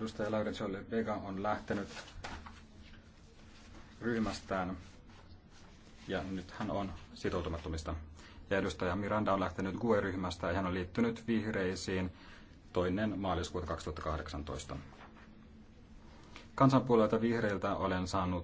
Edustaja Laurentioli Vega on lähtenyt ryhmästään ja nyt hän on sitoutumattomista. Ja edustaja Miranda on lähtenyt GUE-ryhmästä ja hän on liittynyt vihreisiin toinen maaliskuuta 2018. Kansanpuolelta vihreiltä olen saanut